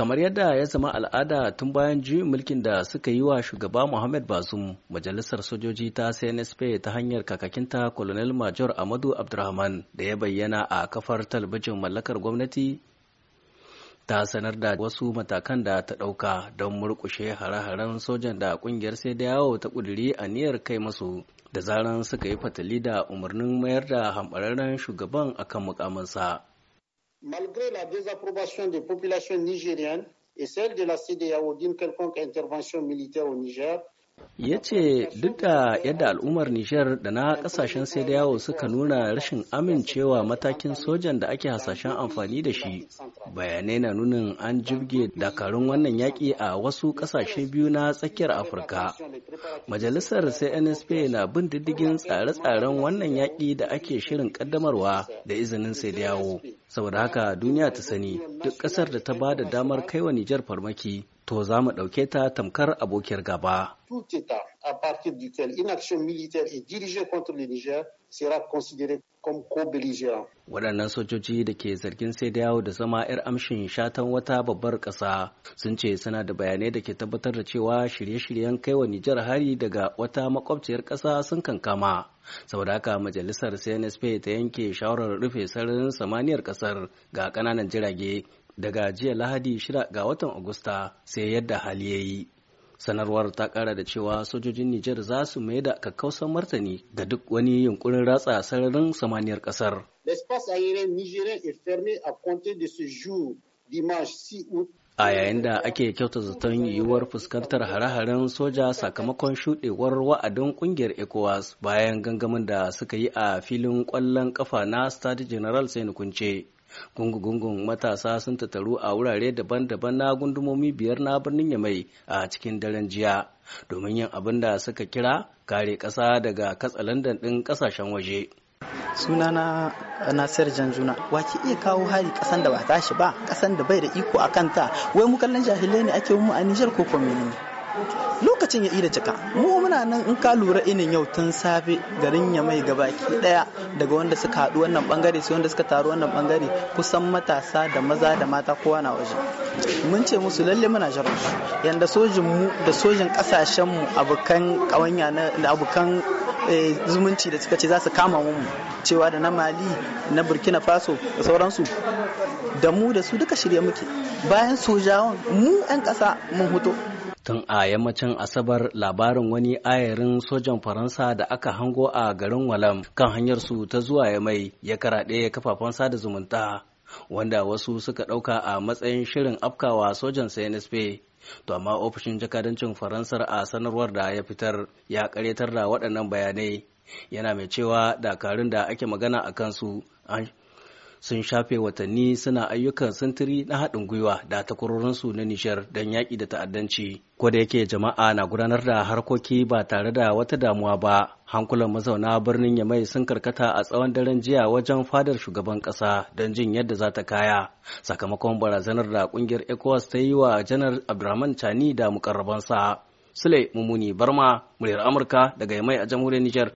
kamar yadda ya zama al'ada tun bayan juyin mulkin da suka yi wa shugaba Muhammad Bazum majalisar sojoji ta CNSP ta hanyar kakakinta Colonel Major Amadu Abdurrahman da ya bayyana a kafar talabijin mallakar gwamnati ta sanar da wasu matakan da ta ɗauka don murƙushe hare-haren sojan da ƙungiyar sai da yawo ta a niyyar kai masu da zaran suka yi fatali da umarnin mayar da hambararren shugaban akan mukamansa. malgré la désapprobation des populations nigériennes et celle de la CDAO d'une quelconque intervention militaire au Niger, ya ce duk da yadda al'ummar Nijar da na kasashen sai da yawo suka nuna rashin amincewa matakin sojan da ake hasashen amfani da shi bayanai na nunin an jirge dakarun wannan yaƙi a wasu ƙasashe biyu na tsakiyar afirka Majalisar CNSP na bin diddigin tsare-tsaren wannan yaƙi da ake shirin ƙaddamarwa da izinin sai da yawo. Saboda haka duniya ta sani duk ƙasar da ta ba da damar kai wa Nijar farmaki to za mu ɗauke ta tamkar abokiyar gaba. Waɗannan sojoji da ke zargin sai da yawo da zama 'yar amshin shatan wata babbar ƙasa sun ce suna da bayanai da ke tabbatar da cewa shirye-shiryen kaiwa Nijar hari daga wata makwabciyar ƙasa sun kankama saboda haka majalisar cnsp ta yanke shawarar rufe sararin samaniyar ƙasar ga ƙananan jirage daga jiya lahadi shida ga watan agusta sai yadda hali ya yi sanarwar ta ƙara da cewa sojojin Nijar za su mai da kakkausan martani ga duk wani yunkurin ratsa sararin samaniyar ƙasar. L'espace aérien nigérien est fermé à compter de ce jour dimanche 6 août a yayin da ake kyauta zaton yiwuwar fuskantar hare-haren soja sakamakon shuɗewar wa'adin ƙungiyar ecowas bayan gangamin da suka yi a filin ƙwallon ƙafa na stade general sai kunce gungu-gungun matasa sun tattaru a wurare daban-daban na gundumomi biyar na birnin yamai a cikin daren jiya domin yin abin da suka kira kare ƙasa daga katsalandan ɗin ƙasashen waje sunana nasir janjuna wa ke iya kawo hari kasan da ba tashi ba kasan da bai da iko a kanta wai mu kallon jahilai ne ake mu a nijar ko kuma ne lokacin ya ida cika mu muna nan in ka lura inin yau tun safe garin ya mai baki daya daga wanda suka haɗu wannan bangare sai wanda suka taru wannan bangare kusan matasa da maza da mata kowa na waje mun ce musu lalle muna jarumta, yanda sojin mu da sojin kasashen mu abukan Eh, zumunci da suka ce za su kama mu cewa da na mali na burkina faso da sauransu da mu da su duka shirya muke bayan sojawan mu 'yan ƙasa mun hoto tun a yammacin asabar labarin wani ayarin sojan faransa da aka hango a garin walam kan hanyar su ta zuwa ya mai ya karaɗe kafafen sada zumunta wanda wasu suka ɗauka a matsayin shirin afkawa sojan CNSP. To amma ofishin jakadancin Faransar a sanarwar da ya fitar ya karyatar da waɗannan bayanai yana mai cewa dakarun da ake magana a kansu sun shafe watanni suna ayyukan sintiri na haɗin gwiwa da takwarorinsu na Nishar don yaƙi da ta'addanci. Ko da yake jama'a na gudanar da harkoki ba tare da wata damuwa ba, hankulan mazauna birnin Yamai sun karkata a tsawon daren jiya wajen fadar shugaban ƙasa don jin yadda za ta kaya. Sakamakon barazanar da ƙungiyar ECOWAS ta yi wa Janar Abdurrahman Chani da mukarrabansa. Sule Mumuni Barma, muryar Amurka daga Yamai a jamhuriyar Nijar.